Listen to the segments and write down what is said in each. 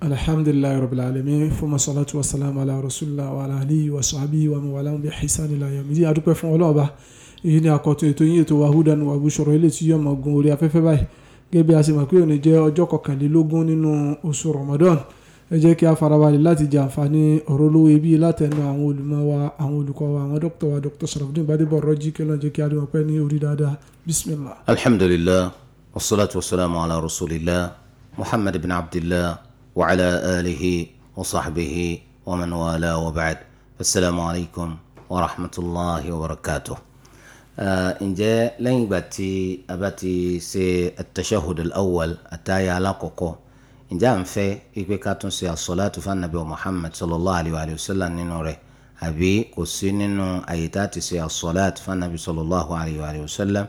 alhamdulilayi rabil alamin fuma salatu wa salam ala rasulillah wa ala alihi wa sahbihi wa mawalan bi hisan ila yamidi adúpẹ́ fún ọlọ́ọ̀ba èyí ni àkọ́tún ètò yín ètò wahudan wa bushoro ilé tí yọmọ gun orí afẹ́fẹ́ báyìí gẹ́gẹ́ bí a ṣe mọ̀ pé òní jẹ́ ọjọ́ kọkànlélógún nínú oṣù ramadan ẹ jẹ́ kí a farabalẹ̀ láti jẹ àǹfààní ọ̀rọ̀ olówó ibi látẹnu àwọn olùmọ̀ wa àwọn olùkọ́ wa àwọn dókítà wa dókítà sọ̀rọ̀fúndín gbadébọ̀ rọ́jí kí lọ́n kí a dùn ọpẹ́ ní orí dáadáa bisimilah. alhamdulilah wasalaatu wasalaamu ala rasulillah muhammad ibn abdillah وعلى آله وصحبه ومن والاه وبعد السلام عليكم ورحمة الله وبركاته آه، إن جاء لين باتي أباتي سي التشهد الأول أتايا لقوكو إن جاء في إكوي كاتون سي الصلاة فالنبي محمد صلى الله عليه وسلم نوري أبي كسي ننو أيتاتي سي الصلاة فالنبي صلى الله عليه وسلم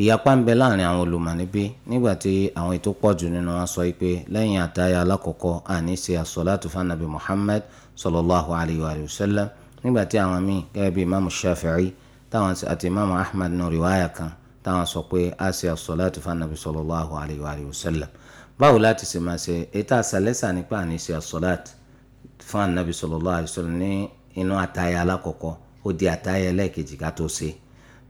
ìyapa ń bẹ láàrin àwọn olùmọ̀ níbí nígbà tí àwọn ètò pọ̀jù nínú wọn sọ pé lẹ́yìn àtàyà alákọ̀ọ́kọ́ àní ṣe àsọ̀látù fanabi Muhammad sallallahu alayhi wa sallam nígbà tí àwọn míì gẹ́gẹ́ bí imaamu Shafi'i táwọn àti imaamu Ahmad nù riwaya kan táwọn sọ pé a ṣe àsọ̀látù fanabi sallallahu alayhi wa sallam báwo láti ṣe máa ṣe ètò àṣàlẹ́sà nípa àní ṣe àsọ̀látù fanabi sallallahu alayhi wa sallam ní inú àtàyà alákọ̀ọ́kọ́ ó di àtàyà ẹlẹ́ẹ̀kejì ká tó ṣe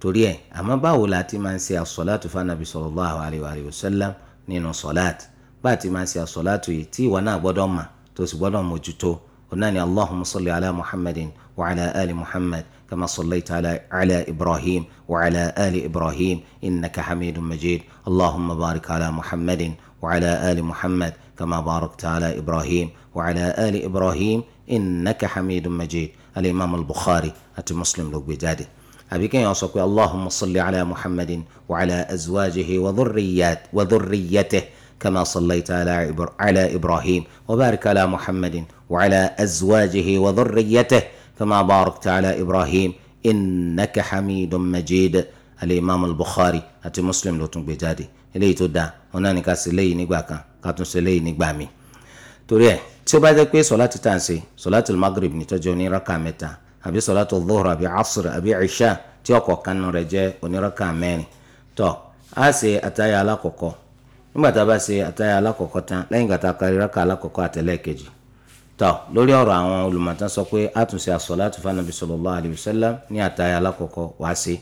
torí ẹ̀ àmọ́ báwo la ti máa ń ṣe àsọ̀láàtù fanabi sallallahu alayhi wa sallam nínú sọ̀láàtù bá ti máa ń ṣe àsọ̀láàtù yìí tí ìwọ náà gbọ́dọ̀ mà tó sì gbọ́dọ̀ mójútó ọ̀nà ni allahumma salli ala muhammadin wa ala ali muhammad kama ala ala ibrahim كما صليت على على ابراهيم وعلى ال ابراهيم انك حميد مجيد اللهم بارك على محمد وعلى ال محمد كما باركت على ابراهيم وعلى ال ابراهيم انك حميد مجيد bukhari البخاري muslim lo gbe بجاده àbí kéèyàn sọ pé allahumma salli ala muhammadin wa ala azwajihi wa dhurriyyatihi kama sallaita ala ibrahim wa barik ala muhammadin wa ala azwajihi wa dhurriyyatihi kama barakta ala ibrahim innaka hamidun majid alimami al-bukhari àti muslim ló tún gbé jáde eléyìí tó dáa wọn náà ní ká ṣe léyìí nígbà kan ká tún ṣe léyìí nígbà mi torí ẹ tí ó bá jẹ́ pé sọlá ti tà ń sọlá ti magrib ní tó mẹ́ta àbí sọlátù dhuhr àbí asr àbí ìṣá tí ọ̀kọ̀ọ̀kan nù rẹ̀ jẹ́ onírọ́kà mẹ́rin tó a ṣe àtàyà alákọ̀ọ́kọ́ nígbà tá a bá ṣe àtàyà alákọ̀ọ́kọ́ tán lẹ́yìn gbàtà kárí rákà alákọ̀ọ́kọ́ àtẹlẹ́ẹ̀kejì tó lórí ọ̀rọ̀ àwọn olùmọ̀tán sọ pé a tún ṣe àsọ̀látù fanabi sallallahu alayhi wa sallam ní àtàyà alákọ̀ọ́kọ́ wàá ṣe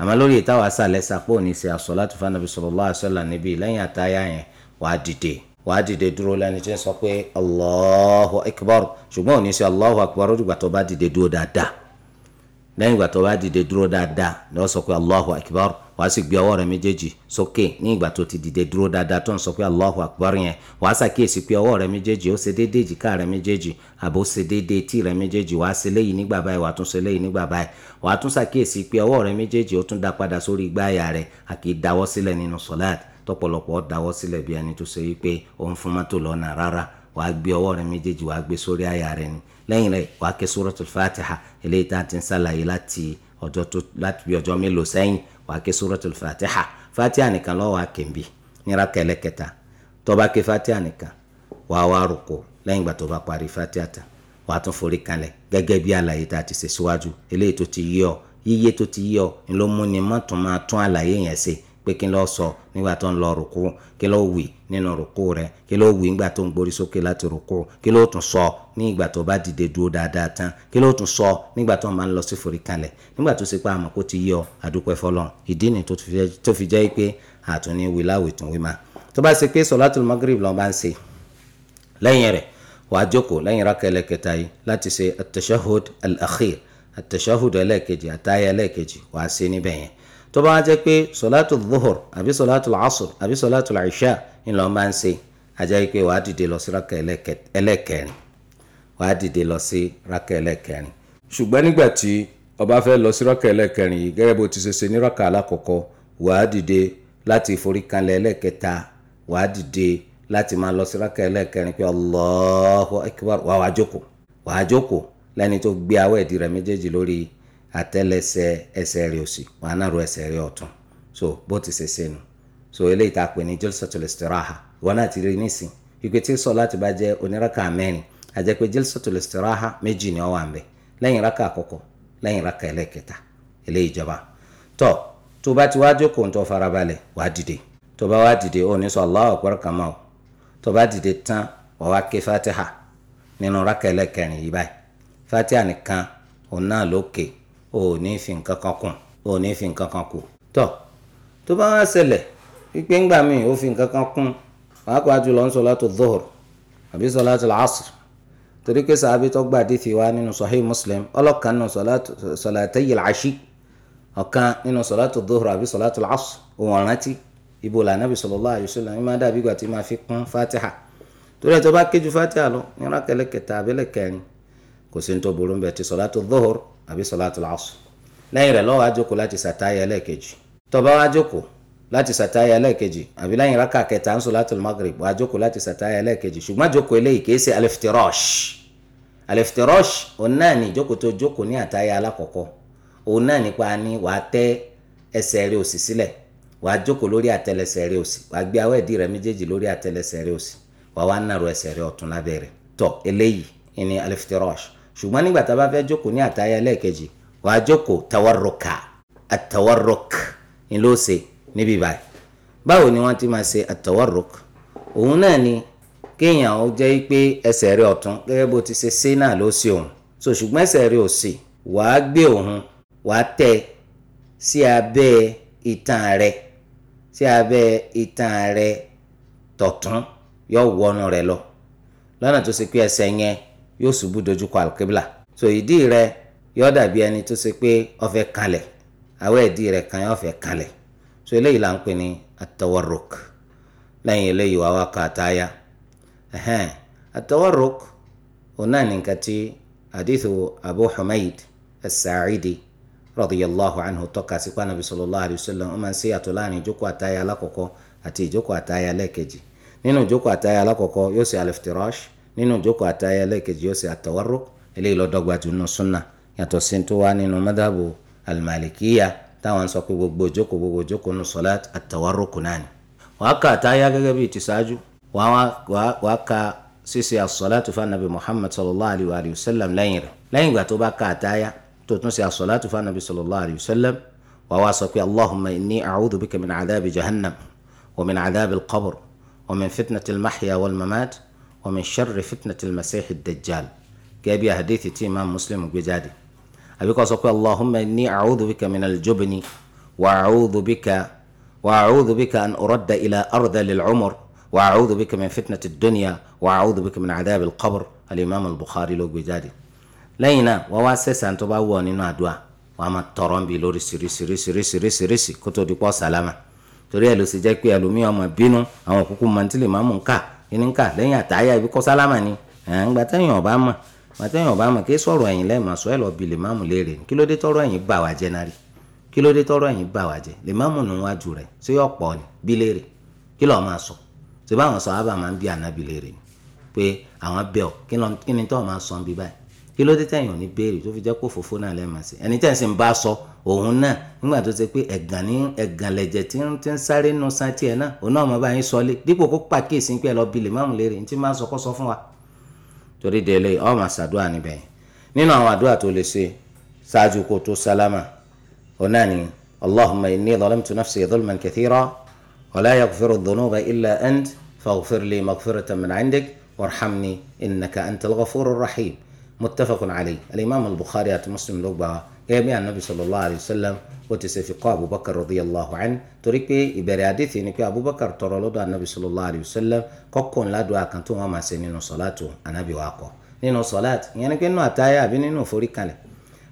àmọ́ lórí ìtawà sàlẹ̀ sàpò ní ṣe àsọ̀látù fanabi sallallahu alayhi wa níbí lẹ́yìn àtàyà yẹn wàá dìde wàá dìde dúró lẹ́ni tí ń sọ pé allahu akbar ṣùgbọ́n òní sí allahu akbar ó dìgbà tó bá dìde dúró dáadáa lẹ́yìn ìgbà tó bá dìde dúró dáadáa ni wọ́n sọ pé allahu akbar wàá sì gbé ọwọ́ rẹ méjèèjì sókè ní ìgbà tó ti dìde dúró dáadáa tó ń sọ pé allahu akbar yẹn wàá ṣàkíyèsí pé ọwọ́ rẹ méjèèjì ó ṣe déédéé jìká rẹ méjèèjì àbó ṣe déédéé tí rẹ méjèèjì wàá ṣe léyìí nígbà báyìí wàá tún ṣe léyìí nígbà báyìí wàá tún ṣàkíyèsí pé ọwọ́ rẹ méjèèjì ó tún dá sórí tọ́pọ̀lọpọ̀ dáwọ́ sílẹ̀ bí ẹni tó ṣe wípé ó ń fún mọ́tò lọ́nà rárá wàá gbé ọwọ́ rẹ méjèèjì wàá gbé sórí àyà rẹ ni lẹ́yìn rẹ̀ wàá ké suratul fatiha eléyìí tá a ti ń ṣàlàyé láti ọjọ́ tó láti bí ọjọ́ mélòó sẹ́yìn wàá ké suratul fatiha fatiha nìkan lọ́wọ́ wàá kèmbi nira kẹlẹ́kẹta tó bá ké fatiha nìkan wàá wá rúkọ lẹ́yìn ìgbà tó bá parí fatiha tán wàá tún forí kanlẹ̀ gẹ́gẹ́ bí àlàyé tá a ti ṣe síwájú eléyìí tó ti yé ọ yíyé tó ti yé ọ ni pé kí n lọ sọ nígbà tó ń lọ rùkú kí ló wí nínú rùkú rẹ kí ló wí nígbà tó ń gborí sókè láti rùkú kí ló tún sọ ní ìgbà tó bá dìde dúró dáadáa tán kí ló tún sọ nígbà tó máa ń lọ sí forí kalẹ̀ nígbà tó ṣe pé àmọ́ kó ti yí ọ àdúpẹ́ ìdí ni tó fi jẹ́ pé àtúní wí láwìí wí máa tó bá ṣe pé sọlátul magrib lọ́n bá ń ṣe lẹ́yìn rẹ̀ wàá jókòó lẹ́yìn rákà yìí láti ṣe at-tashahhud al-akhir at-tashahhud ẹlẹ́kejì àtàyà ṣe níbẹ̀ yẹn tó bá jẹ́ pé sọ̀látù dhuhur àbí sọ̀látù asr àbí sọ̀látù isha ńlọ máa ń ṣe ajá yìí pé wàá dìde lọ sí rákà ẹlẹ́kẹrin wàá dìde lọ sí rákà ẹlẹ́kẹrin ṣùgbọ́n nígbà tí ó bá fẹ́ lọ sí rákà ẹlẹ́kẹrin yìí gẹ́gẹ́ bó ti ṣe ṣe ní rákà alákọ̀ọ́kọ́ wàá dìde láti foríkanlẹ̀ ẹlẹ́kẹta wàá dìde láti máa lọ sí rákà ẹlẹ́kẹrin pé Allahu wàá jókòó lẹ́ni tó gbé awẹ́ẹ̀dì rẹ̀ méjèèjì lórí àtẹ́lẹsẹ̀ ẹsẹ̀ rẹ̀ òsì wàá náà ro ẹsẹ̀ rẹ̀ so bó ti ṣe ṣe so eléyìí tá a pè ní jalsatul istiraha náà ti rí nísìn ìpè tí sọ láti bá jẹ oníraka mẹ́rin àjẹ pé jalsatul méjì ni ọ wà ń raka àkọ́kọ́ lẹ́yìn raka ẹlẹ́kẹta eléyìí jọba tọ tó bá ti wá jókòó tó farabalẹ̀ wàá dìde tó bá wá dìde ní sọ o tó bá dìde tán wá ké fatiha nínú raka yìí báyìí fatiha nìkan òun náà o ò ní fi nǹkan kan kùn o ò ní fi nǹkan kan kù tọ tó bá wá ṣẹlẹ̀ pípé ńgbà míì ó fi nǹkan kan kún pàápàá jùlọ ń sọlátù dhuhr àbí sọlátù asr torí pé sàábí tó gba àdìsí wa nínú sahih muslim ọlọ́kan nínú salatayil ashi ọ̀kan nínú sọlátù dhuhr àbí sọlátù asr òun ọ̀rántí ibo lànàbì sallallahu alaihi wasallam ìmọ̀ dàbí ìgbà tí máa fi kún fatiha torí ẹ̀ tó bá kéjú fatiha lọ ní rákẹ́lẹ́ kẹta kò sí ní tó burú ń ti sọlátù dhuhr àbí sọláàtù lásù lẹ́yìn rẹ̀ lọ́wọ́ àjòkó láti sàtáyà ẹlẹ́ẹ̀kejì tó bá wá àjòkó láti sàtáyà ẹlẹ́ẹ̀kejì àbí lẹ́yìn rákà kẹta ń sọláàtù magrib wá àjòkó láti sàtáyà ẹlẹ́ẹ̀kejì ṣùgbọ́n àjòkó eléyìí kìí ṣe aliftirosh aliftirosh òun náà ní ìjókòó tó jókòó ní àtáyà alákọ̀ọ́kọ́ òun náà nípa ni wàá tẹ́ ẹsẹ̀ rẹ̀ òsì sílẹ̀ wàá jókòó lórí àtẹlẹsẹ̀ rẹ̀ òsì wàá gbé awọ ìdí rẹ̀ méjèèjì lórí àtẹlẹsẹ̀ rẹ̀ òsì wàá wá nàró ẹsẹ̀ rẹ̀ ọ̀tún lábẹ́ rẹ̀ tọ́ eléyìí ìní aliftirosh ṣùgbọ́n nígbà tá a bá fẹ́ jókòó ní àtàyà lẹ́ẹ̀kejì wàá jókòó tawarruka àtàwárọ̀k ni ló ṣe níbí báyìí báwo ni wọ́n ti máa ṣe àtàwárọ̀k òun náà ni kéèyàn ó jẹ́ pé ẹsẹ̀ rẹ̀ ọ̀tún gẹ́gẹ́ bó ti ṣe ṣe náà ló ṣe òun so ṣùgbọ́n ẹsẹ̀ rẹ̀ òsì wàá gbé òun wàá tẹ̀ sí abẹ́ itan rẹ̀ sí abẹ́ itan rẹ̀ tọ̀tún yóò wọnú rẹ̀ lọ lọ́nà tó ṣe pé ẹsẹ̀ yẹn yóò ṣubú dojúkọ alkebla so ìdí rẹ yóò dàbí ẹni tó ṣe pé ó fẹ́ kanlẹ̀ àwọn ìdí rẹ kan yóò fẹ́ kanlẹ̀ so eléyìí là ń pè ní atawarruk lẹ́yìn eléyìí wàá wá ká táyà ẹ̀hẹ́n atawarruk òun náà ní nǹkan tí hadithu abu humaid as-sa'idi anhu tọ́ka sí pa nabi sallallahu alayhi wa sallam láàrin ìjókòó àtayà alákọ̀ọ́kọ́ àti ìjókòó àtayà lẹ́ẹ̀kejì nínú ìjókòó àtayà alákọ̀ọ́kọ́ yóò ṣe aliftirash nínú ìjókòó àtàyà ẹlẹ́ẹ̀kejì yóò ṣe àtàwárruk eléyìí lọ́dọ́gba jù nínú súnà yàtọ̀ sí tó wá nínú madhabu alimalikiya táwọn sọ pé gbogbo ìjókòó gbogbo ìjókòó nínú sọlát àtàwárruk náà ni. wàá ka àtàyà gẹ́gẹ́ bíi ti ṣáájú wàá ka ṣíṣe àsọlátù fún anabi muhammad sallallahu alayhi wa sallam lẹ́yìn rẹ̀ lẹ́yìn ìgbà tó bá ka àtàyà tó tún ṣe àsọlátù fún anabi sallallahu alayhi wa sallam wàá wá sọ pé ومن شر فتنة المسيح الدجال جايب يا حديث امام مسلم وجادي ابيك وصفك اللهم اني اعوذ بك من الجبن واعوذ بك واعوذ بك ان ارد الى أرض العمر واعوذ بك من فتنة الدنيا واعوذ بك من عذاب القبر الامام البخاري لو وجادي لينا وواسس ان تباو نينو ادوا وما ترون بي لوري سيري سيري رسي رسي رسي كتو دي سلاما torí ẹ ló sì jẹ́ pé ẹlòmíì ọmọ bínú àwọn òkúkú mọ̀ntìlì ìníkà lẹ́yìn àtàyà ibi kọ́ sálámà ni àǹgbà tẹ́yìn ọ̀bá mọ̀ màtẹ́yìn ọ̀bá mọ̀ kí sọ̀rọ̀ ẹ̀yìn lẹ́ẹ̀mọ̀ sọ ẹ̀ lọ bi lèmáàmù léèrè ni kí ló dé tọ́rọ̀ ẹ̀yìn bà wá jẹ́ náà rí kí ló dé tọ́rọ̀ ẹ̀yìn bà wá jẹ́ lèmáàmù nù wájú rẹ̀ sí ọ̀pọ̀ ni bí léèrè kí lọ́ọ́ máa sọ ṣe báwọn sọ ábà máa ń bí ànábì léèrè ni pé àwọn bẹ́ọ̀ kí ni tọ́ máa sọ bí báyìí kí ló dé tẹ̀yìn òní béèrè tó fi jẹ́ kó fòfó náà lẹ́ẹ̀mọ̀sí ẹni tẹ̀ ń sìn bá sọ òun náà nígbà tó ṣe pé ẹ̀gàn ní ẹ̀gàn lẹ̀jẹ̀ tí ń ti ń sáré nu san tiẹ̀ náà òun náà mo bá yín sọlé dípò kó pàkíyèsí pé ẹ lọ bilè máàmù lérè ní tí máa ń sọ kó sọ fún wa. torí délé ọ máa ṣàdúrà níbẹ̀ yẹn nínú àwọn àdúrà tó lè ṣe ṣáájú kó tó sálámà òun náà ni allahumma inni zalamtu nafsi dhulman kathira wa la yaghfiru dhunuba illa ant faghfir li maghfiratan min 'indik warhamni innaka antal ghafurur rahim متفق عليه الإمام البخاري مسلم لقبا قيمة النبي صلى الله عليه وسلم وتسفق أبو بكر رضي الله عنه تركي بي إبرياديث إنك أبو بكر ترولد النبي صلى الله عليه وسلم كوكون لا دعا كنتم وما سنين صلاة النبي واقو نينو صلاة يعني كنو أتايا بنينو فريكان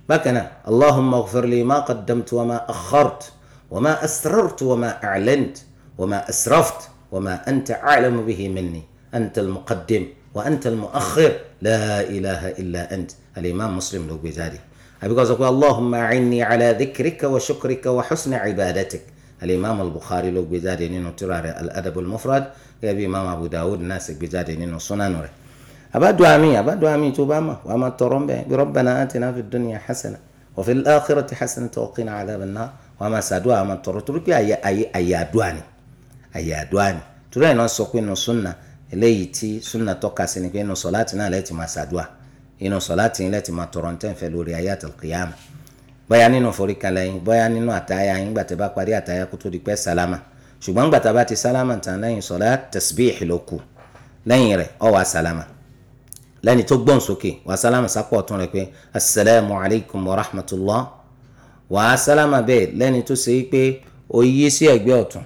بكنا اللهم اغفر لي ما قدمت وما أخرت وما أسررت وما أعلنت وما أسرفت وما أنت أعلم به مني أنت المقدم وأنت المؤخر لا إله إلا أنت الإمام مسلم لو بذلك because أقول اللهم أعني على ذكرك وشكرك وحسن عبادتك الإمام البخاري لو بذلك يعني إنه ترى الأدب المفرد يا الإمام أبو داود ناسك بذلك يعني إنه سنن ابا دوامي ابا دوامي توباما وما ترون بربنا آتنا في الدنيا حسنة وفي الآخرة حسنة وقنا عذاب النار وما سادوا وما ترون أي أي أي أدواني أي أدواني ترى إنه سكن السنه سنة eléyìí tí súnà tọ́ka sí ni pé inú sọ̀láàtì náà lẹ́ẹ̀tì máa ṣàdúà inú sọ̀láàtì yín lẹ́ẹ̀tì máa tọrọ níta ìfẹ́ lórí ayé àtàlùkìyàmù bóyá nínú foríkalẹ̀ yín bóyá nínú àtàyà yín gbàtẹ́ bá parí àtàyà kó tó di pẹ́ sálámà ṣùgbọ́n gbàtà bá ti sálámà tán lẹ́yìn sọ̀lá tasbih ló lẹ́yìn rẹ̀ ó wá sálámà lẹ́ni tó gbọ́n sókè wà sálámà sápọ̀ ọ̀tún rẹ̀ pé asalaamu alaykum wa rahmatulah wà sálámà bẹ́ẹ̀ lẹ́ni tó ṣe é pé ó sí ẹ̀gbẹ́ ọ̀tún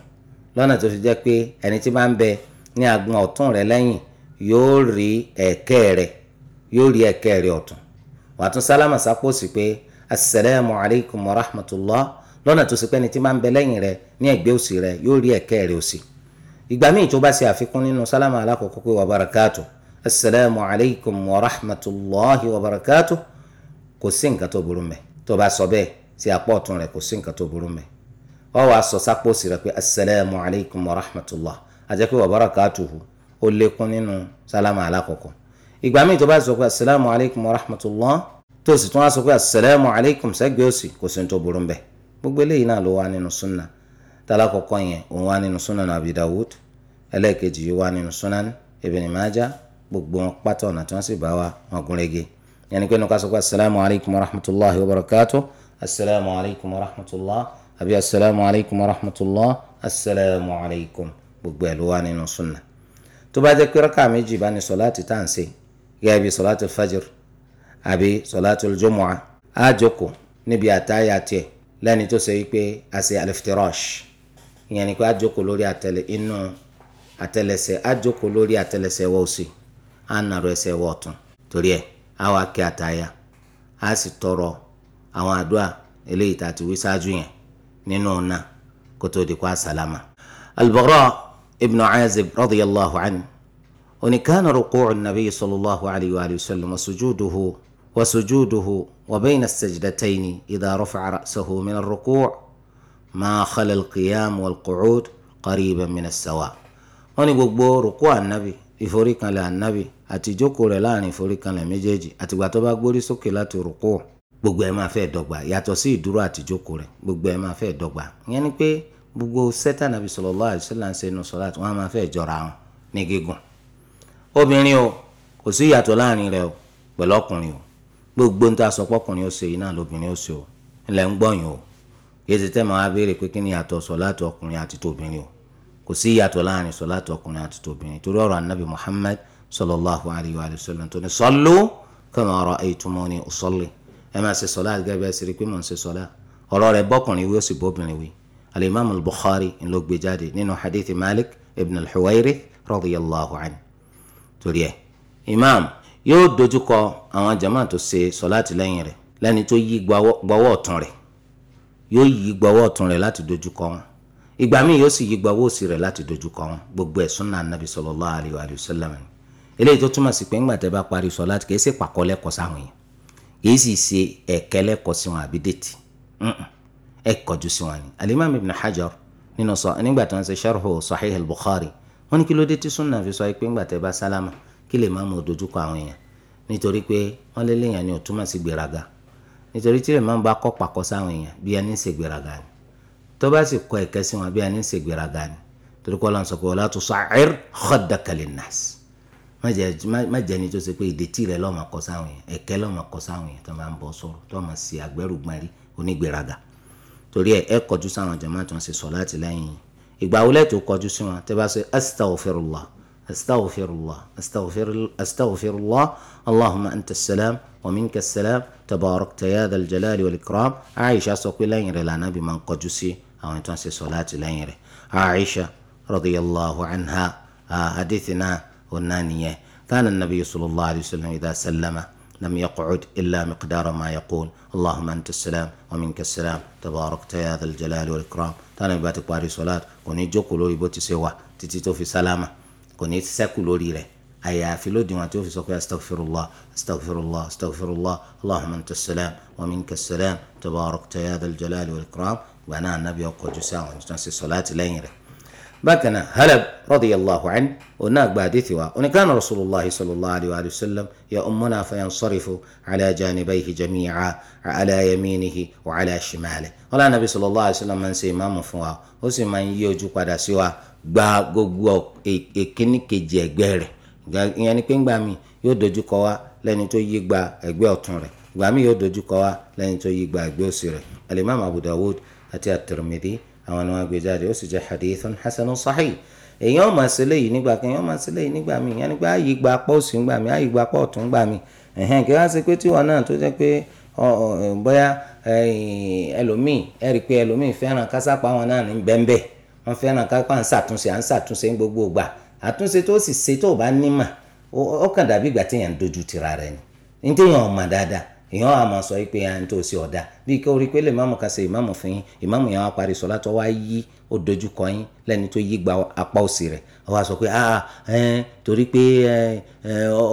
lọ́nà tó fi jẹ́ pé ẹni tí máa ń bẹ ní agbọ̀n ọ̀tún rẹ lẹ́yìn yóò rí ẹ̀kẹ́ rẹ yóò rí ẹ̀kẹ́ rẹ ọ̀tún wàá tún sálámà sápò sí pé asalaamu alaykum wa rahmatulah lọ́nà tó sì pé ni tí máa ń bẹ lẹ́yìn rẹ ní ẹ̀gbẹ́ òsì rẹ yóò rí ẹ̀kẹ́ rẹ òsì ìgbà míì tó bá ṣe àfikún nínú sálámà alákọ̀ọ́kọ́ pé wà barakatu asalaamu alaykum wa rahmatulahi wa kò sí nǹkan tó burú mẹ́ tó bá sọ bẹ́ẹ̀ sí apá ọ̀tún rẹ kò sí nǹkan tó burú mẹ́ ọ wàá sọ sápò rẹ pé asalaamu alaykum rahmatulah àjẹpẹ́ wàbára káàtùhù ó lékún nínú sálámà alákọ̀ọ́kọ́ ìgbà míì tó bá sọ pé asalaamu alaykum wa rahmatulah tó sì tún wá sọ pé asalaamu alaykum sẹ́gbẹ́ òsì kò sí ní tó burú mbẹ́ gbogbo eléyìí náà ló wá nínú sunna tálákọ̀ọ́kọ́ yẹn òun wá nínú sunna nàbí dawud ẹlẹ́ẹ̀kejì yìí wá nínú sunna ibn majah gbogbo wọn pátá ọ̀nà tí wọ́n sì bá wa wọn gúnrégé yẹn ni pé nu sọ pé asalaamu alaykum wa rahmatulah wa barakatuh asalaamu alaykum wa rahmatulah àbí asalaamu alaykum wa rahmatulah asalaamu alaykum gbogbo ẹ̀ ló wá nínú súnà tó bá jẹ́ pé rákà méjì bá ní sọ̀láàtì tá à ń ṣe gẹ́gẹ́ bí sọ̀láàtì fajr àbí sọ̀láàtì jumu'a á jókòó níbi àtàyà tiẹ̀ lẹ́ni tó ṣe wípé a ṣe aliftirash ìyẹn ni pé á jókòó lórí àtẹlẹ inú àtẹlẹsẹ̀ á jókòó lórí àtẹlẹsẹ̀ wọ́ òsì á nàró ẹsẹ̀ wọ́ ọ̀tún torí ẹ̀ á wá kí àtàyà á sì tọrọ àwọn àdúrà eléyìí tá ti wí ṣáájú yẹn nínú ọ̀nà kó di kó a sàlámà ibn azib radiyallahu anhu oni kana ruku'u nabi sallallahu alayhi wa sallam wa sujuduhu wa sujuduhu wa bayna sajdataini idha rafa'a ra'sahu min ar-ruku' ma khala al-qiyam wal-qu'ud qariban min as-sawa oni gbogbo ruku'u anabi ìforíkanlẹ̀ anabi àti ìjókòó rẹ̀ láàrin ìforíkanlẹ̀ méjèèjì àtìgbà tó bá gbórí sókè láti ruku'u gbogbo ẹ̀ máa fẹ́ dọ́gba yàtọ̀ sí ìdúró àti ìjókòó rẹ̀ gbogbo ẹ̀ máa fẹ́ dọ́gba ìyẹn ni pé gbogbo sẹ́tà nàbí sallallahu alaihi wasallam ń ṣe inú sọlá tí wọ́n máa fẹ́ jọra wọn ní gígùn obìnrin o kò sí ìyàtọ̀ láàrin rẹ o pẹ̀lú ọkùnrin o gbogbo ń ta sọpọ́ ọkùnrin ó ṣe yìí náà lóbìnrin ó ṣe o ilẹ̀ ń gbọ̀yìn o kìí ṣe tẹ́mọ̀ wá béèrè pé kí ni ìyàtọ̀ sọlá tó ọkùnrin àti tóbìnrin o kò sí ìyàtọ̀ láàrin sọlá tó ọkùnrin àti tóbìnrin torí ọ̀rọ̀ anábì Muhammad sallallahu alayhi wa sallam bọ́kùnrin wí ó sì bóbìnrin wí alimami al-bukhari ló gbé jáde nínú hadith malik ibn al-huwayrith radiyallahu anhu torí ẹ imam yóò dojúkọ àwọn jama tó ṣe sọláàtì lẹ́yìn rẹ̀ lẹ́ni tó yí gbọ́wọ́ ọ̀tún rẹ̀ yóò yí gbọ́wọ́ ọ̀tún rẹ̀ láti dojúkọ wọn ìgbà míì yóò sì yí gbọ́wọ́ òsì rẹ̀ láti dojúkọ wọn gbogbo ẹ̀ sunna anabi sallallahu alayhi wa sallam eléyìí tó túmọ̀ sí pé ńgbà tẹ́ bá parí sọláàtì kìí ṣe pàkọ́ lẹ́kọ̀ọ́ sáwọn yẹn kìí sì ṣe ẹ̀kẹ́ lẹ́kọ̀ọ́ sí wọn àbí dètì ẹ kọjú sí wọn ni alimami ibn hajar nínú sọ nígbà tó ń ṣe sharhu sahih al-bukhari wọn ní kí ló dé tí sunna fi sọ pé ńgbà tẹ bá sálámà kí lè máa mú dojúkọ àwọn èèyàn nítorí pé wọn lé léèyàn ni ò túmọ̀ sí gbéraga nítorí tí lè máa bá kọ́ pàkọ́ sáwọn èèyàn bí ẹni ń ṣe gbéraga ni tó bá sì kọ ẹ̀kẹ́ sí wọn bí ẹni ń ṣe gbéraga ni torí kọ́ lọ́n sọ pé wala tusa'ir khaddaka linnas má jẹ́ ni tó ṣe pé ìdètí rẹ̀ lọ́ọ́ kọ́ sáwọn èèyàn ẹ̀kẹ́ lọ́ọ́ kọ́ sáwọn èèyàn tó máa ń bọ́ sọ̀rọ̀ tó máa ṣe àgbẹ̀rùgbọ̀n rí onígbéraga torí ẹ ẹ kọjú sáwọn jama tó ń ṣe sọ̀láàtì lẹ́yìn yìí ìgbà wo lẹ́tọ̀ kọjú sí wọn tẹ́ bá ṣe astaghfirullah astaghfirullah astaghfirullah allahumma anta salam wa minka salam tabarakta ya dhal jalali wal ikram aisha sọ pé lẹ́yìn rẹ̀ lànà bí máa ń kọjú sí àwọn tó ń ṣe sọ̀láàtì lẹ́yìn rẹ̀ aisha radiyallahu anha hadithina onaniyẹ kana nabiyu sallallahu alayhi wa sallam idha sallama. لم يقعد إلا مقدار ما يقول اللهم أنت السلام ومنك السلام تبارك يا ذا الجلال والإكرام تانا باتك باري صلاة كوني جو كلو يبوتي سوا تتيتو في سلامة كوني تساكو لوري له أيا في لو ديواتيو في سوكو أستغفر الله أستغفر الله أستغفر الله اللهم أنت السلام ومنك السلام تبارك يا ذا الجلال والإكرام وأنا النبي أقول جساء ونجنسي صلاة لينره باتنا هلب رضي الله عنه هناك باديثوا وان كان رسول الله صلى الله عليه وآله وسلم يا أمنا فينصرف على جانبيه جميعا على يمينه وعلى شماله ولا النبي صلى الله عليه وسلم من سيما مفوا وسيما يوجو قد سوا با غوغو اكيني كجي اغير يعني كين بامي يودجو كوا لاني تو يغبا اغبي اوتون ري غبامي يودجو كوا لاني تو يغبا اغبي اوسي الامام ابو داود اتي الترمذي àwọn ni wọ́n gbé jáde ó sì jẹ́ hadithun hasanun sahih èèyàn máa nígbà kan èèyàn máa ṣe yìí nígbà míì yẹn nígbà ayé gba apá òsì ńgbà ayé gba apá ọ̀tún ńgbà míì ẹ̀hẹ́n kí wọ́n á ṣe pé náà tó jẹ pé bóyá ẹlòmíì ẹ rí i pé ẹlòmíì fẹ́ràn kásápá wọn náà ní bẹ́ńbẹ́ fẹ́ràn kápá ń ṣàtúnṣe à ń ṣàtúnṣe gbogbo èèyàn á máa sọ pé ẹni tó ṣe ọ̀dà bíi kí orí pé lè máàmù kan ṣe ìmáàmù fún yín ìmáàmù yẹn wá parí sọ látọ̀ wá yí ó dojú kọ yín lẹ́ni tó yí gba apá òsì rẹ̀ ó wá sọ pé ah ẹn torí pé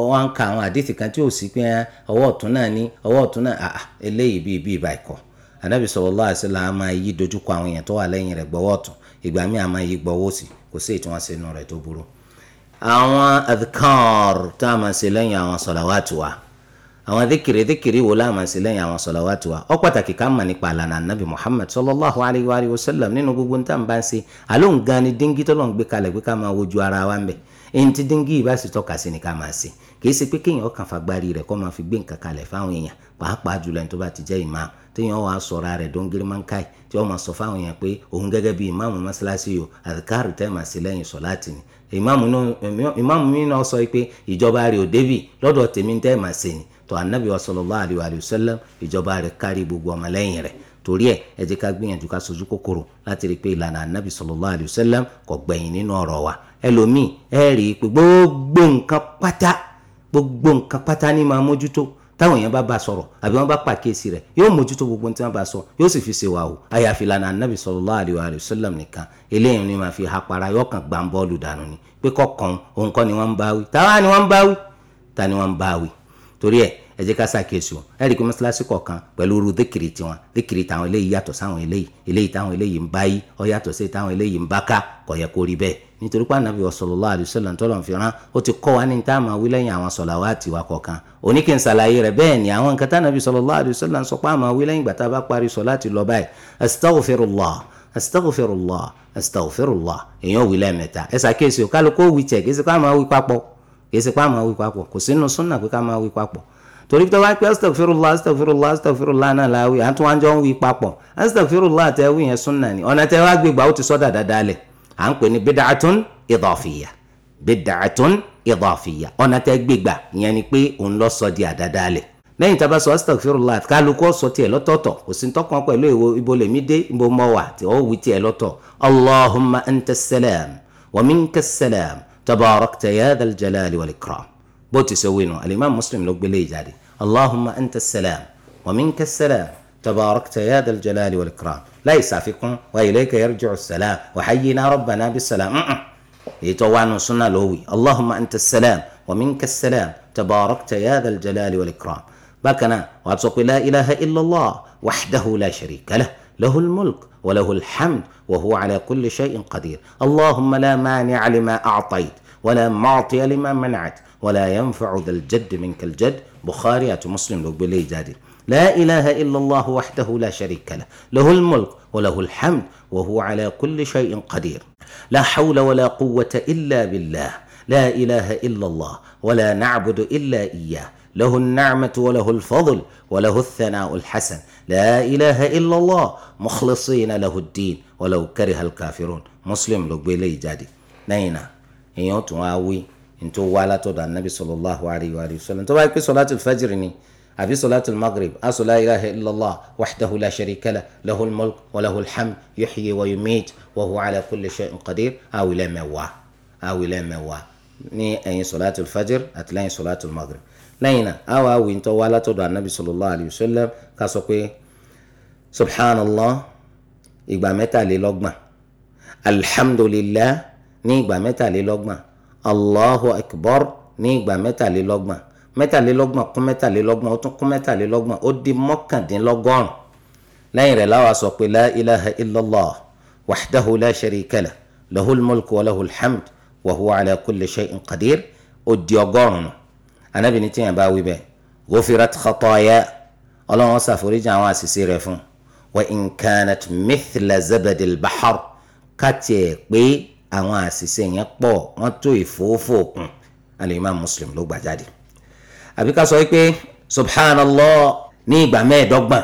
wọ́n á ń ka àwọn àdìsí kan tí ò sí pé ọwọ́ ọ̀tún náà ní ọwọ́ ọ̀tún náà ah eléyìí bíi bíi ìbá ìkọ̀ anábì sallallahu alaihi wasallam á máa yí dojú kọ àwọn èèyàn tó wà lẹ́yìn rẹ̀ gbọ́wọ́ ọ̀tún ìgbà míì á máa yí gbọ́wọ́ òsì kò sí èyí tí wọ́n rẹ̀ tó burú àwọn adhkar tá a máa ṣe lẹ́yìn àwọn salawatu wa àwọn adékèrè adékèrè wo la máa ṣe lẹ́yìn àwọn sọ̀làwátì wa ó pàtàkì ká mà nípa àlànà anabi muhammad sallallahu alayhi wa alihi wa sallam nínú gbogbo níta n bá ń ṣe àlóhùn gan ni díngí tó lọ́n gbé kalẹ̀ pé ká máa wojú ara wa ń bẹ̀ èyí tí díngí yìí bá sì tọ́ka sí ni ká máa ṣe kìí ṣe pé kéèyàn ọkàn fagbárí rẹ̀ kó máa fi gbé nǹkan kalẹ̀ fáwọn èèyàn pàápàá jùlọ ẹni tó bá ti jẹ́ ìmáà téèyàn wàá sọ̀rọ̀ rẹ̀ dóńgírímánkáì tí wọ́n máa sọ fáwọn èèyàn pé òun gẹ́gẹ́ bíi ìmáàmù mọ́ṣáláṣí o àdìkárù tẹ́ sí lẹ́yìn sọ̀láàtì ni ìmáàmù mi náà sọ pé ìjọba rẹ̀ ò débì lọ́dọ̀ tèmi tẹ́ màá ni tó anabi wa sallallahu alayhi wa sallam ìjọba rẹ̀ kárí gbogbo ọmọlẹ́yìn rẹ̀ torí ẹ ẹ jẹ́ ká gbìyànjú ká sojú kòkòrò láti rí i pé ìlànà anabi sallallahu alayhi wa sallam kò gbẹ̀yìn nínú ọ̀rọ̀ wa ẹlòmíì ẹ rí i pé gbogbo nǹkan pátá gbogbo nǹkan pátá ní máa mójútó táwọn èèyàn bá bá sọ̀rọ̀ àbí wọ́n bá pàkíyèsí rẹ̀ yóò mójútó gbogbo tí wọ́n bá sọ yóò sì fi ṣe wà o àyàfi lànà anabi sallallahu alayhi wa sallam nìkan eléyìí ni màá fi hapara yóò kàn gbà dànù ni pé kọ̀ọ̀kan òun ni wọ́n ń bá wí táwa ni wọ́n ń bá wí ta ni wọ́n ń bá wí torí ẹ ẹ jẹ́ ká ṣàkíyèsí wọn ẹ rí i pé mọ́ṣáláṣí kọ̀ọ̀kan pẹ̀lú irú dékìrì tiwọn dékìrì táwọn eléyìí yàtọ̀ sáwọn eléyìí eléyìí táwọn eléyìí ń bá yí ọ yàtọ̀ sí táwọn eléyìí ń bá ká kò yẹ kó rí bẹ́ẹ̀ nítorí pé ànábì sallallahu alaihi wasallam tó lọ́n fi rán ó ti kọ́ wa ní tá a máa wí lẹ́yìn àwọn sọ̀làwátì wa kọ̀ọ̀kan òní kí ṣàlàyé rẹ̀ bẹ́ẹ̀ ni àwọn nǹkan tánàbì sallallahu alaihi wasallam sọ pé a máa wí lẹ́yìn gbàtà bá parí sọ̀láàtì lọ báyìí astaghfirullah astaghfirullah astaghfirullah èèyàn wí lẹ́ẹ̀mẹ́ta ẹ ṣàkíyèsí o kálukó wí tẹ̀ kí ẹ sì kó a máa wí papọ̀ kìí ṣe pé a máa wí papọ̀ kò sínú súnà pé ká máa wí papọ̀ torí tó bá pẹ́ astagfirullah astagfirullah astagfirullah náà la wí àtún wájọ ń wí papọ̀ astagfirullah tẹ wí yẹn súnà ni ọ̀nà tẹ wá gbégbá ó ti sọ́dà dáadáa lẹ̀ à ń pè ní bid'atun idafiyya bid'atun idafiyya ọ̀nà tẹ gbégbá ìyẹn ni pé òun lọ sọ di àdáadáa lẹ̀ lẹ́yìn tá a bá sọ astagfirullah kálukú sọ tiẹ̀ lọ́tọ̀ọ̀tọ̀ kò sí tọkàn pẹ̀lú ìwo ibo lèmi dé ibo mọ́ tí ó wí tiẹ̀ lọ́tọ̀ allahumma anta salam wa minka salam تباركت يا ذا الجلال والإكرام بو تسوينه الإمام مسلم لو بلي جاري اللهم أنت السلام ومنك السلام تباركت يا ذا الجلال والإكرام لا يسافقون وإليك يرجع السلام وحينا ربنا بالسلام يتوانو سنة لوي اللهم أنت السلام ومنك السلام تباركت يا ذا الجلال والإكرام بكنا وأبسط لا إله إلا الله وحده لا شريك له له الملك وله الحمد وهو على كل شيء قدير اللهم لا مانع لما أعطيت ولا معطي لما منعت ولا ينفع ذا الجد منك الجد بخاري مسلم لو بلي جادي لا إله إلا الله وحده لا شريك له له الملك وله الحمد وهو على كل شيء قدير لا حول ولا قوة إلا بالله لا إله إلا الله ولا نعبد إلا إياه له النعمه وله الفضل وله الثناء الحسن لا اله الا الله مخلصين له الدين ولو كره الكافرون مسلم لو بيلي جادي نينا ايو تواوي انتو والا تو النبي صلى الله عليه واله وسلم تو في صلاه الفجر ني ابي صلاه المغرب اصل لا اله الا الله وحده لا شريك له له الملك وله الحمد يحيي ويميت وهو على كل شيء قدير او لا مواه او لا مواه ني اي صلاه الفجر اتلاي صلاه المغرب لينا أو أو إنتو ولا تدعو النبي صلى الله عليه وسلم كاسوكي سبحان الله إقبا متى للغمة الحمد لله نيقبا متى للغمة الله أكبر نيقبا متى للغمة متى للغمة قم متى للغمة وتن قم متى للغمة ودي مكة دين لغان لين لا أسوكي لا إله إلا الله وحده لا شريك له له الملك وله الحمد وهو على كل شيء قدير أدي غانو anabi ní tíyẹn bá wí bẹ́ẹ̀ ghufirat khataya ọlọ́run ṣàforíjì àwọn àṣìṣe rẹ̀ fún wa in kanat mithla zabadil bahar káti ẹ̀ pé àwọn àṣìṣe yẹn pọ̀ wọ́n tó ìfowófò òkun alimami muslim ló gbà jáde àbí ká sọ pé subhanallah ní ìgbà mẹ́ẹ̀ẹ́dọ́gbọ̀n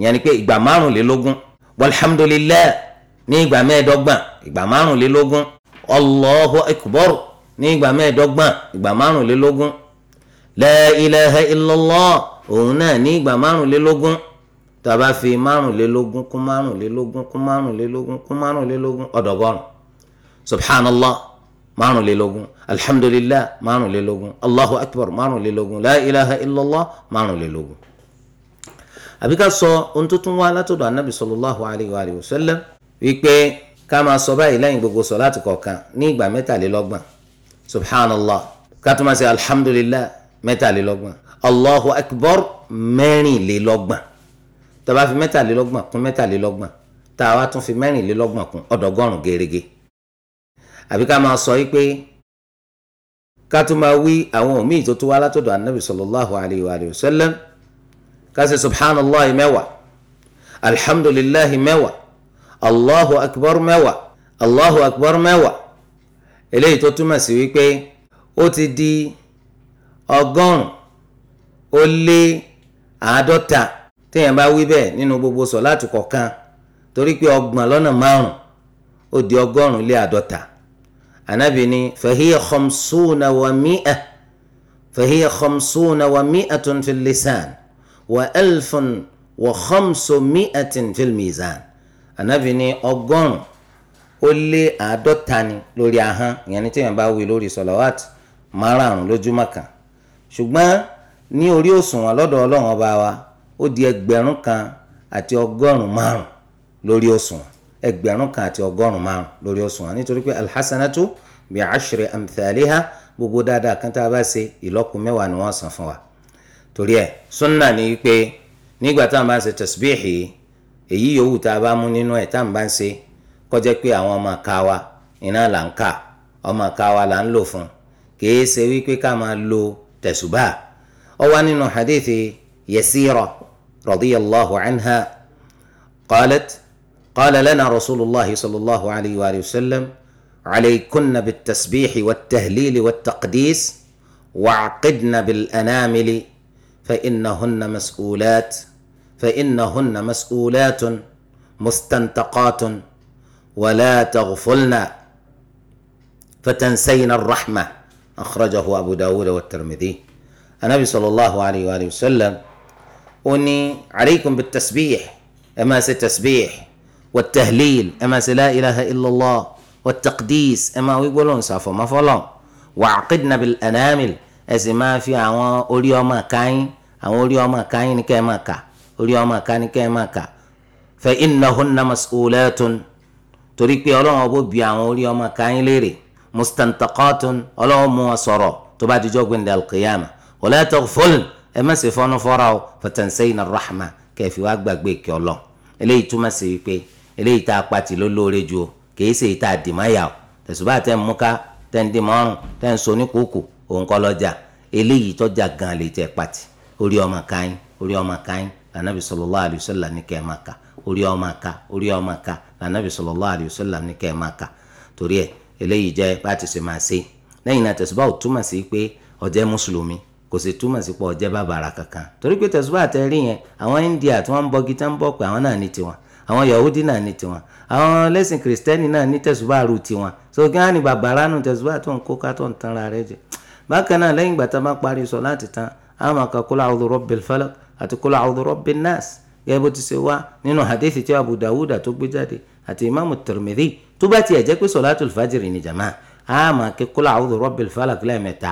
ìyẹn ni pé ìgbà márùnlélógún walhamdulilayi ní ìgbà mẹ́ẹ̀ẹ́dọ́gbọ̀n ìgbà márùnlélógún allahu akbar ní ìgbà mẹ́ẹ̀ẹ́dọ́gbọ̀n ìgbà márùnlélógún la ilaha illallah òun náà ní ìgbà márùnlélógún tàbá fi márùnlélógún kún márùnlélógún kún márùnlélógún kún márùnlélógún ọ̀dọ̀gọ́rùn subhanallah márùnlélógún alhamdulillah márùnlélógún allahu akbar márùnlélógún la ilaha illallah márùnlélógún. àbí ká sọ ohun tó tún wá látọ̀dọ̀ anabi sallallahu alayhi wa sallam wípé ká máa sọ báyìí lẹ́yìn gbogbo sọ láti kọ̀ọ̀kan ní ìgbà mẹ́tàlélọ́gbọ̀n subhanallah ká tún máa ṣe alhamdulillah mẹ́tàlélọ́gbọ̀n allahu akbar mẹ́rìnlélọ́gbọ̀n tá bá fi mẹ́tàlélọ́gbọ̀n kún mẹ́tàlélọ́gbọ̀n tá a wá tún fi mẹ́rìnlélọ́gbọ̀n kún ọ̀dọ́gọ́rùn gẹ́rẹ́gẹ́ àbí ká máa sọ pé ká tún máa wí àwọn míì tó tún wá látọ̀dọ̀ anabi sallallahu alayhi wa sallam ká ṣe subhanallah mẹ́wàá alhamdulillahi mẹ́wàá allahu mẹ́wàá allahu akbar mẹ́wàá eléyìí tó ọgọ́rùn ó lé àádọ́ta téèyàn bá wí bẹ́ẹ̀ nínú gbogbo sọ̀láàtì kọ̀ọ̀kan torí pé ọgbọ̀n lọ́nà márùn ó di ọgọ́rùn lé àádọ́ta anabi ni fahiya khamsuna wa mi'a fahiya khamsuna wa mi'atun fil lisan wa alfun wa khamsu mi'atin fil mizan anabi ni ọgọ́rùn ó lé àádọ́ta ni lórí ahọ́n ìyẹn ni téèyàn bá wí lórí sọ̀láwàtì márùn lójúmọ́ kan ṣùgbọ́n ní orí òṣùwọ̀n lọ́dọ̀ ọlọ́run ọba wa ó di ẹgbẹ̀rún kan àti ọgọ́rùn-ún márùn lórí òṣùwọ̀n ẹgbẹ̀rún kan àti ọgọ́rùn-ún márùn lórí òṣùwọ̀n nítorí pé alhassanatu bi ashri amthaliha gbogbo dáadáa kan tá a bá ṣe ìlọ́po mẹ́wàá ni wọ́n san fún wa torí ẹ̀ sunna ni pé nígbà tá a bá ń ṣe tasbihi èyí yòówù tá a bá mú nínú ẹ̀ tá a bá ń ṣe kọjá pé àwọn ọmọ ká wa iná là ń kà ọmọ ká wa là ń lò fún kì í ṣe wípé ká máa lo تسباه أو أن حديث يسيرة رضي الله عنها قالت قال لنا رسول الله صلى الله عليه وآله وسلم عليكن بالتسبيح والتهليل والتقديس واعقدن بالأنامل فإنهن مسؤولات فإنهن مسؤولات مستنتقات ولا تغفلن فتنسين الرحمه أخرجه أبو داود والترمذي النبي صلى الله عليه وآله وسلم أني عليكم بالتسبيح إماس التسبيح والتهليل إماس لا إله إلا الله والتقديس إما ويقولون سافا ما فلان وعقدنا بالأنامل إذا ما في أو اليوم كاين أو اليوم كاين كما كا اليوم كاين كما فإنهن مسؤولات تريك يا أبو بيان اليوم كاين ليري mustantaqatun ọlọ́wọ́ mú wọn sọ̀rọ̀ tó bá dijọ́ gbẹ̀ndẹ̀ alqiyama wala taghfuln ẹ má ṣe fọ́nú fọ́ra o fatansayna rahma kẹfì wá gbàgbé kí ọlọ́ eléyìí túmọ̀ sí wípé eléyìí tá a pati ló lóore ju o kìí ṣe ìta àdìmáyà o tẹ̀sùbá tẹ̀ ń múká tẹ̀ ń dì mọ́rùn tẹ̀ ń so ní kúkú òun kọ́ lọ́jà eléyìí tọ́jà gan lè tẹ̀ pati orí ọmọ kan orí ọmọ kan lànàbì sallallahu alayhi ní kẹ́ ẹ̀ máa ka orí ọmọ ka orí ọmọ ka lànàbì sallallahu alayhi ní kẹ́ ẹ̀ máa ka torí ẹ̀ eléyìí jẹ́ bá ti ṣe máa ṣe lẹ́yìn náà tẹ̀sùbá ò túmọ̀ sí pé ó jẹ́ mùsùlùmí kò sì túmọ̀ sí pé ó bàbàrà kankan torí pé tẹ̀sùbá àtẹ̀rí yẹn àwọn India tí wọ́n ń bọ́ gita ń bọ̀ pé àwọn náà ní tiwọn àwọn Yahudi náà ní tiwọn àwọn lẹ́sìn kìrìsìtẹ́nì náà ní tẹ̀sùbá àrù tiwọn so kí ni ní bàbàrà nù tẹ̀sùbá tó ń kó ká tó ń tan ara rẹ̀ jẹ bákan náà lẹ́yìn ìgbà tá a bá parí sọ láti tan àwọn àkà kúlà a'udhu rabbil falaq àti kúlà Imam Tirmidhi tó bá tiẹ̀ jẹ́ pé sọ̀látùl fàjìrì ni jàmá a máa ké kúlà a'udhu rabbil falaq lẹ́ẹ̀mẹ́ta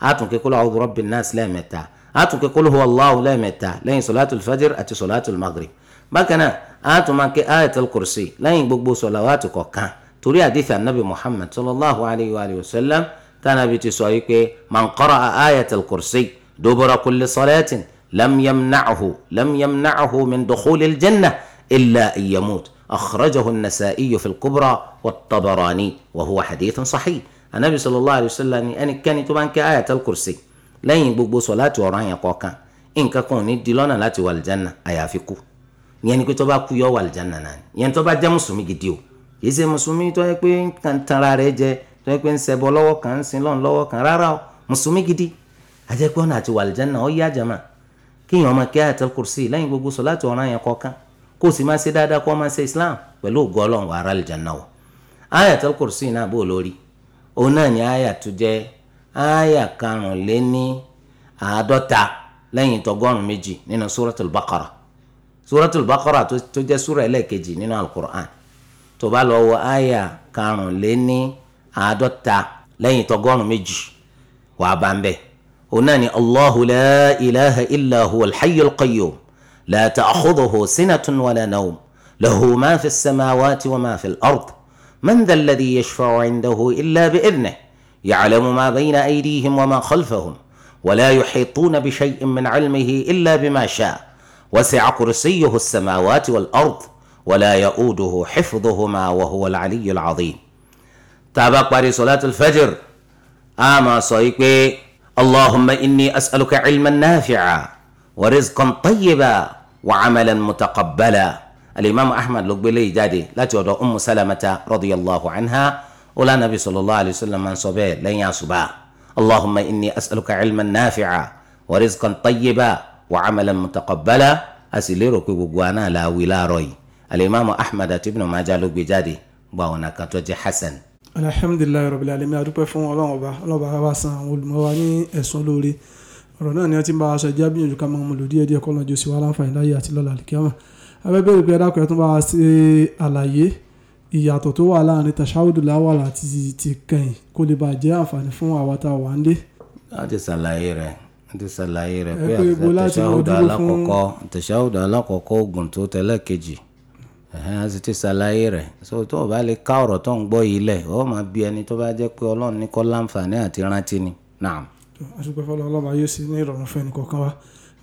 a tún ké kúlà a'udhu rabbin nas lẹ́ẹ̀mẹ́ta a tún ké kúlù huwallahu lẹ́ẹ̀mẹ́ta lẹ́yìn sọ̀látùl fàjìrì àti sọ̀látùl maghrib bákan náà a tún máa ké ayatul kursi lẹ́yìn gbogbo sọ̀làwátù kọ̀ọ̀kan torí àdìsí anabi muhammad sallallahu alayhi wa sallam tánàbí ti sọ yìí pé man qara'a ayatul kursi dubura kulli salatin lam yamna'hu lam yamna'hu min dukhulil jannah illa an yamut أخرجه النسائي في الكبرى والطبراني وهو حديث صحيح النبي صلى الله عليه وسلم ẹni kẹ́ni tó bá ń kẹ́ آية الكرسي lẹ́yìn gbogbo sọ̀láàtì ọ̀ranyàn kọ̀ọ̀kan nǹkan kan ò ní di lọ́nà láti wà lìjánà àyàfi kú ìyẹn ni pé tó bá kú yọ wà lìjánà náà ìyẹn tó bá jẹ́ mùsùlùmí gidi o kì í ṣe mùsùlùmí tó yẹ pé ń tanra rẹ̀ jẹ tó yẹ pé ń ṣẹbọ lọ́wọ́ kan ń sin lọ́n lọ́wọ́ kan rárá o mùsùlùmí gidi àjẹpẹ́ ọ̀nà àti wà lìjánà ó yá jàmà kíyàn ọmọ kí àyàtọ̀ kùrùsì lẹ́yìn gbogbo sọ̀láàtì ọ̀ranyàn kọ̀ọ̀kan kó o sì máa ṣe dáadáa kó o máa ṣe islam pẹ̀lú ògo ọlọ́run wàá rálẹ̀ jẹun náà wọ̀ ayatul kursi náà bó lórí òun náà ni aya tó jẹ́ aya karùnléní àádọ́ta lẹ́yìn tọgọ́rùn méjì nínú suratul baqara suratul baqara tó jẹ́ sura ẹlẹ́ẹ̀kejì nínú alukur'an tó bá lọ wọ aya karùnléní àádọ́ta lẹ́yìn tọgọ́rùn méjì wàá bá ń bẹ̀ òun náà ni allahu la ilaha illa alhayyul qayyum. لا تأخذه سنة ولا نوم له ما في السماوات وما في الأرض من ذا الذي يشفع عنده إلا بإذنه يعلم ما بين أيديهم وما خلفهم ولا يحيطون بشيء من علمه إلا بما شاء وسع كرسيه السماوات والأرض ولا يؤوده حفظهما وهو العلي العظيم تابق طيب باري صلاة الفجر آما آه، صيقي اللهم إني أسألك علما نافعا ورزقا طيبا وعملا متقبلا الإمام أحمد لقبلي جادي لا تودو أم سلمة رضي الله عنها ولا النبي صلى الله عليه وسلم من صبي لن يصبا اللهم إني أسألك علما نافعا ورزقا طيبا وعملا متقبلا أسليرو كي بوانا لا ولا روي الإمام أحمد ابن ماجه لقبي جادي باونا كتوجي حسن alhamdulilayi rabil alamin adúpẹ́ fún Ọlọ́run ọba Ọlọ́run ọba wa san olùmọ̀ wa ọ̀rọ̀ náà ni wọ́n ti ń bá aṣọ ìjà gbìyànjú ká máa mú lò díẹ̀ díẹ̀ kọ́lọ́jọ sí wa láǹfààní láyé àti lọ́la àlìkíyàmà abẹ́bẹ̀rẹ̀ pé adákùn ẹ̀ tún bá ṣe àlàyé ìyàtọ̀ tó wà láàrin tàṣáwùdù láwàlà àti ti kẹyìn kó lè bàa jẹ́ àǹfààní fún àwa tá a wà ń lé. a ti ṣàlàyé rẹ̀ a ti ṣàlàyé rẹ̀ pé tàṣáwùdù alákọ̀ọ́kọ́ tàṣáwùdù alákọ̀ọ́kọ́ oògùn tó tẹ̀lé kejì a sì ti ṣàlàyé rẹ̀ so tó o bá lè ká ọ̀rọ̀ tó ń gbọ́ yìí lẹ̀ ó máa bí ẹni tó bá jẹ́ pé ọlọ́run ní kọ́ láǹfààní àti rántí ni naam àṣùpẹ̀fọ́ ọlọ́ba yóò sì ní ìrọ̀rùn fún ẹnìkọ̀ọ̀kan wa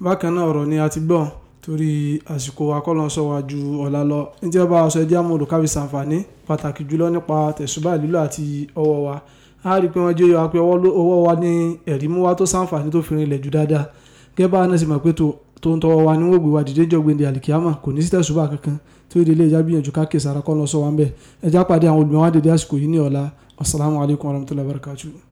bákan náà ọ̀rọ̀ ni a ti gbọ́n torí àsìkò wa kọ́lọ́n sọ wa ju ọ̀la lọ níjẹ́ bá a sọ ẹjẹ́ àmọ́ olùkàwé sàǹfààní pàtàkì jùlọ nípa tẹ̀sùbà lílo àti ọwọ́ wa a rí i pé wọ́n jẹ́ yọ apẹ́ ọwọ́ wa ní ẹ̀rí mú wa tó sàǹfààní tó fi rinlẹ̀ jù dáadáa gẹ́gẹ́ bá a náà sì mọ̀ pé tó tó ń tọwọ́ wa ní wọ́n gbé wa dìde jọ gbèndé àlìkíyàmà kò ní sí tẹ̀sùbà kankan tó yẹ délé ẹja gbìyànjú káàkiri sàrà kọ́ sọ wa ń bẹ̀ ẹja pàdé àwọn olùmọ̀ wa dédé àsìkò yìí ní ọ̀la assalamu alaikum warahmatullahi wabarakatuh